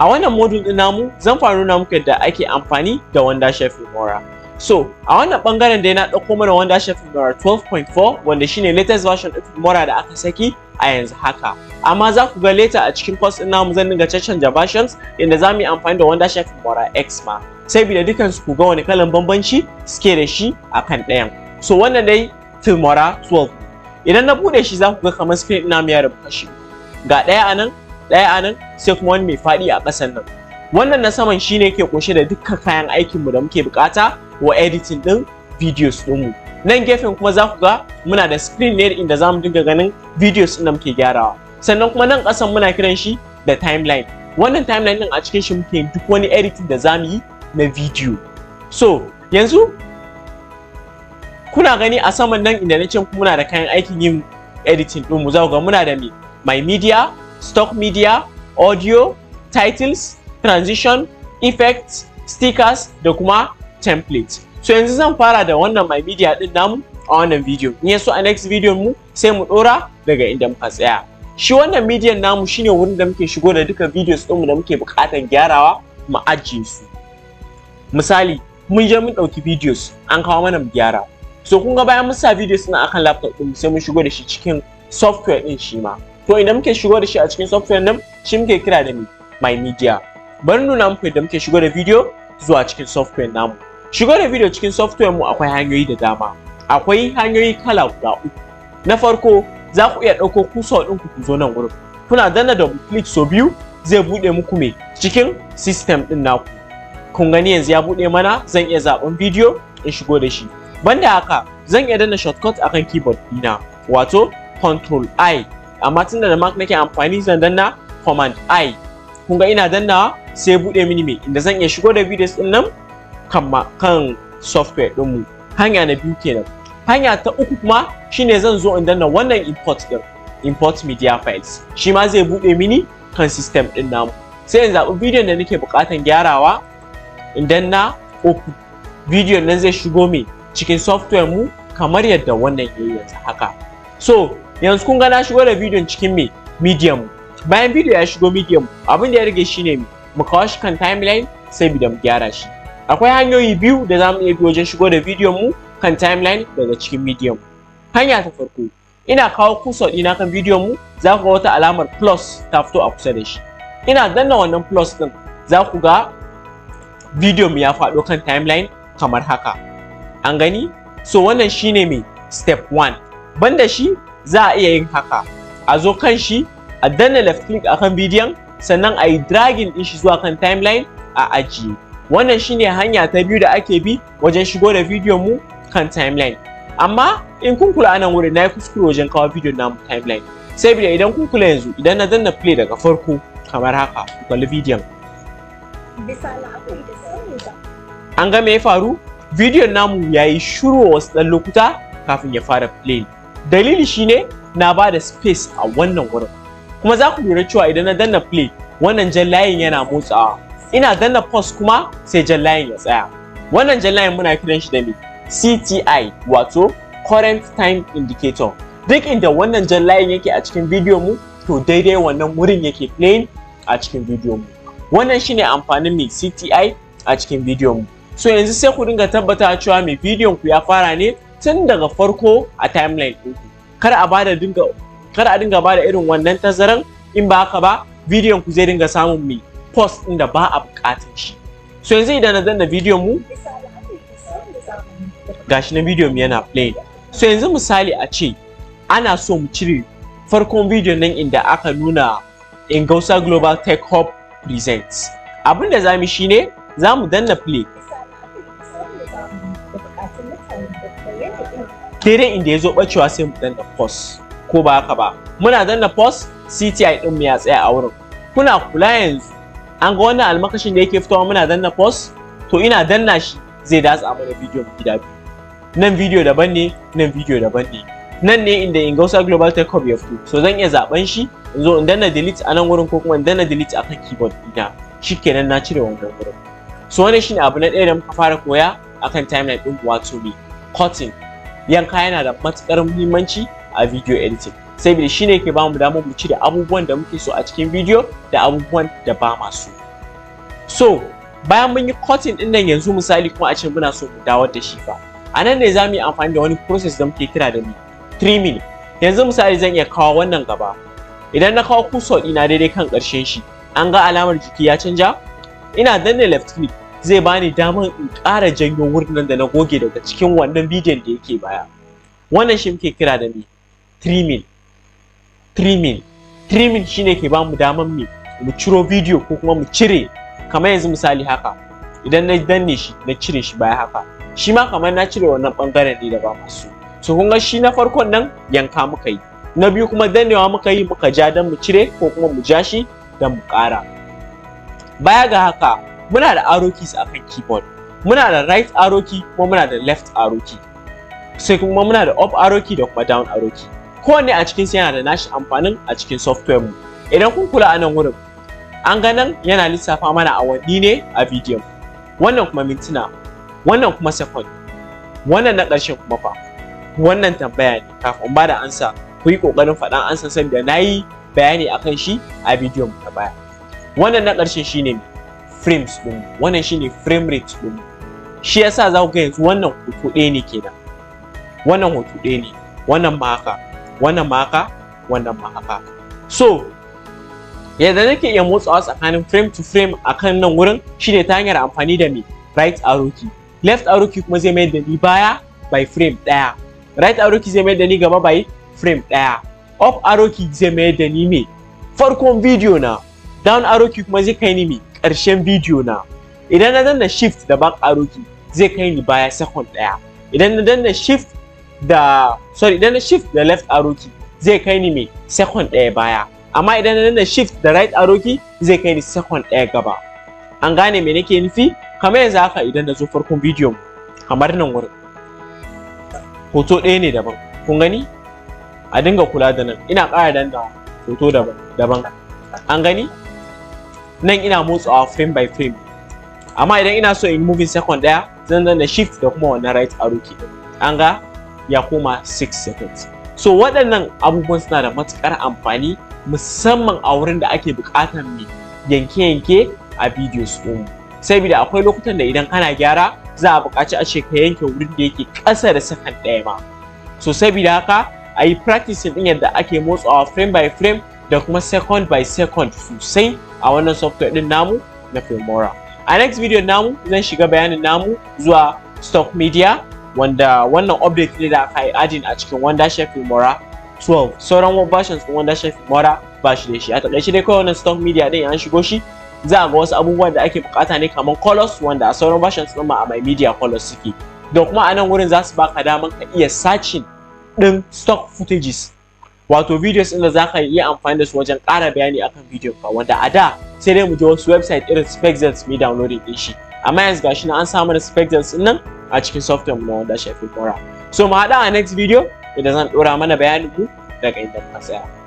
a wannan modul din namu zan fara nuna muku yadda ake amfani da wanda chef Filmora so a wannan bangaren dai na ɗauko mana wanda chef Filmora 12.4 wanda shine latest version din Filmora da aka saki a yanzu haka amma za ku ga later a cikin course din namu zan dinga caccanja versions inda za mu yi amfani da wanda chef Filmora X ma sai bi da dukan su ku ga wani kalan bambanci suke da shi a kan ɗayan so wannan dai Filmora 12 idan na buɗe shi za ku ga kamar screen namu ya rubuta shi ga ɗaya anan. ɗaya a nan sai kuma wani mai faɗi a ƙasan nan wannan na saman shine ke kunshe da dukkan kayan aikin mu da muke bukata wa editing din videos ɗinmu nan gefen kuma za ku ga muna da screen ne inda za mu dinga ganin videos ɗin da muke gyarawa sannan kuma nan ƙasan muna kiran shi da timeline wannan timeline ɗin a cikin shi muke duk wani editing da za mu yi na video so yanzu kuna gani a saman nan inda na ce muna da kayan aikin yin editing ɗinmu za ku ga muna da mai media stock media, audio, titles, transition, effects, stickers da kuma template. So yanzu zan fara da wannan my media din namu a wannan video. In yaso a next video mu sai mu dora daga inda muka tsaya. Shi wannan media namu shine wurin da muke shigo da duka videos mu da muke bukatan gyarawa mu ajiye su. Misali, mun je mun ɗauki videos an kawo mana mu gyara. So kun ga bayan mun sa videos na akan laptop din sai mun shigo da shi cikin software din shi ma. to idan muke shigo da shi a cikin software nan shi muke kira da my media bari nuna muku idan muke shigo da video zuwa cikin software namu shigo da video cikin software mu akwai hanyoyi da dama akwai hanyoyi kala guda uku na farko za ku iya ɗauko kusa ɗin ku zo nan gurin kuna danna da click so biyu zai buɗe muku me cikin system ɗin naku kun gani yanzu ya buɗe mana zan iya zaɓen video in shigo da shi banda haka zan iya danna shortcut akan keyboard dina, wato control i amma tunda da Mac nake amfani zan danna command I kun ga ina dannawa sai buɗe mini me inda zan iya shigo da videos ɗin nan kan software mu. hanya na biyu kenan hanya ta uku kuma shine zan zo in danna wannan import ɗin import media files shi ma zai buɗe mini kan system ɗin namu sai in zabi bidiyon da nake bukatan gyarawa in danna open bidiyon nan zai shigo mai cikin software mu kamar yadda wannan yayi haka so yanzu kun ga na shigo da bidiyon cikin me medium bayan bidiyo ya shigo medium abin da ya rage shine me mu kawo shi kan timeline saboda mu gyara shi akwai hanyoyi biyu da za mu iya bi wajen shigo da bidiyon mu kan timeline daga cikin medium hanya ta farko ina kawo kusa ɗina kan bidiyon mu za ku ga wata alamar plus ta fito a kusa da shi ina danna wannan plus ɗin za ku ga bidiyon mu ya faɗo kan timeline kamar haka an gani so wannan shine me step 1 banda shi za a iya yin haka a zo kan shi a danna left click kan bidiyon sannan a yi dragging din shi zuwa kan timeline a ajiye wannan shine hanya ta biyu da ake bi wajen shigo da bidiyon mu kan timeline amma in kun kula anan wurin na yi kuskure wajen kawo bidiyon namu timeline sai da idan kun kula yanzu idan na danna play daga farko kamar haka ku kalli bidiyon an ga ya faru bidiyon namu ya yi shiru wasu ɗan lokuta kafin ya fara play dalili shine na ba da space a wannan wurin kuma za ku lura cewa idan na danna play wannan jan layin yana motsawa ina danna post kuma sai jan layin ya tsaya wannan jan layin muna kiran shi da me CTI wato current time indicator duk inda wannan jan layin yake a cikin bidiyon mu to daidai wannan wurin yake playing a cikin bidiyon mu wannan shine amfanin me CTI a cikin bidiyon mu so yanzu sai ku dinga tabbata cewa me bidiyon ku ya fara ne tun daga farko a timeline ɗinku kar a bada dinga kar a dinga bada irin wannan tazaran in ba haka ba bidiyon ku zai dinga samun mai post ɗin da ba a buƙatar shi so yanzu idan na danna bidiyon mu gashi na bidiyon yana play so yanzu misali a ce ana so mu cire farkon bidiyon nan inda aka nuna in Gausa Global Tech Hub Presents abinda zamu shine zamu danna play sai dai inda ya zo bacewa sai mu danna pause ko ba haka ba muna danna pause CTI din mu ya tsaya a wurin kuna kula yanzu an ga wannan almakashin da yake fitowa muna danna pause to ina danna shi zai datsa mana bidiyon gida biyu nan bidiyo daban ne nan bidiyo daban ne nan ne inda ingausa global tech hub ya fito so zan iya zaben shi in zo in danna delete a nan wurin ko kuma in danna delete akan keyboard Shi shikenan na cire wannan wurin so wannan shine abu na ɗaya da muka fara koya akan timeline ɗin wato me cutting yanka yana da matukar muhimmanci a video editing saboda shine ke mu damar mu cire abubuwan da muke so a cikin video da abubuwan da ba masu so bayan mun yi cutting din nan yanzu misali kuma a ce muna so mu dawo da shi fa a nan ne za mu yi amfani da wani process da muke kira da trimming yanzu misali zan iya kawo wannan gaba idan na kawo kusa ɗina daidai kan karshen shi an ga alamar jiki ya canja ina danne left click zai bani damar in ƙara janyo wurin nan da na goge daga cikin wannan bidiyon da yake baya wannan shi muke kira da me trimming trimming trimming shine ke bamu damar me mu ciro bidiyo ko kuma mu cire kamar yanzu misali haka idan na danne shi na cire shi baya haka shi ma kamar na cire wannan bangaren ne da ba masu to kun ga shi na farkon nan yanka muka yi na biyu kuma dannewa muka yi muka ja don mu cire ko kuma mu ja shi don mu ƙara baya ga haka muna da arrow keys akan keyboard muna da right arrow key kuma muna da left arrow key sai kuma muna da up arrow key da kuma down arrow key kowanne a cikin yana da nashi amfanin a cikin software mu idan kun kula a nan wurin an ga nan yana lissafa mana awanni ne a bidiyon wannan kuma mintuna wannan kuma second wannan na ƙarshen kuma fa wannan tambaya ne kafin ba da ansa ku yi ƙoƙarin faɗan ansa san da na yi bayani akan shi a bidiyon na baya wannan na ƙarshen shine ne frames din wannan shine frame rate din shi yasa za ku ga yanzu wannan hoto ɗaya ne kenan wannan hoto ɗaya ne wannan ma haka wannan ma haka wannan ma haka so yadda nake iya motsawa tsakanin frame to frame a kan nan wurin shine ta hanyar amfani da me right arrow key left arrow key kuma zai mayar da ni baya by frame ɗaya right arrow key zai mayar da ni gaba by frame ɗaya up arrow key zai mayar da ni me farkon video na down arrow key kuma zai kai ni me ƙarshen bidiyo na idan na danna shift da bank arrow key zai kai ni baya second ɗaya idan na danna shift da sorry idan na shift da left arrow key zai kai ni mai second ɗaya baya amma idan na danna shift da right arrow key zai kai ni second ɗaya gaba an gane me nake nufi kamar yanzu haka idan na zo farkon bidiyon kamar nan wurin hoto ɗaya ne daban kun gani a dinga kula da nan ina ƙara dandawa hoto daban daban an gani nan ina motsawa frame by frame amma idan ina so in moving second daya zan zan da shift da kuma wannan right arrow key an ga ya koma 6 seconds so waɗannan abubuwan suna da matuƙar amfani musamman a wurin da ake buƙatar mai yanke-yanke a videos ɗin saboda akwai lokutan da idan kana gyara za a buƙaci a ce ka yanke wurin da yake ƙasa da sakan ɗaya ba. so saboda haka a yi practicing ɗin yadda ake motsawa frame by frame da kuma second by second sosai a wannan software din namu na Filmora. A next video namu zan shiga bayanin namu zuwa stock media wanda wannan update ne da aka yi ajin a cikin wanda shi Filmora 12 sauran versions din wanda shi Filmora ba shi da shi. A takaice dai kawai wannan stock media din an shigo shi za a ga wasu abubuwan da ake bukata ne kamar colors wanda a sauran versions din ma a mai media colors suke. Da kuma a nan wurin za su baka daman ka iya searching din stock footages wato videos ɗin da za ka iya amfani da su wajen ƙara bayani akan video ka wanda a da sai dai mu je wasu website irin Spexels mai downloading ɗin shi amma yanzu gashi na an samu da Spexels ɗin nan a cikin software mu na wanda shafi kora, so mu haɗa a next video idan zan ɗora mana bayanin mu daga inda muka tsaya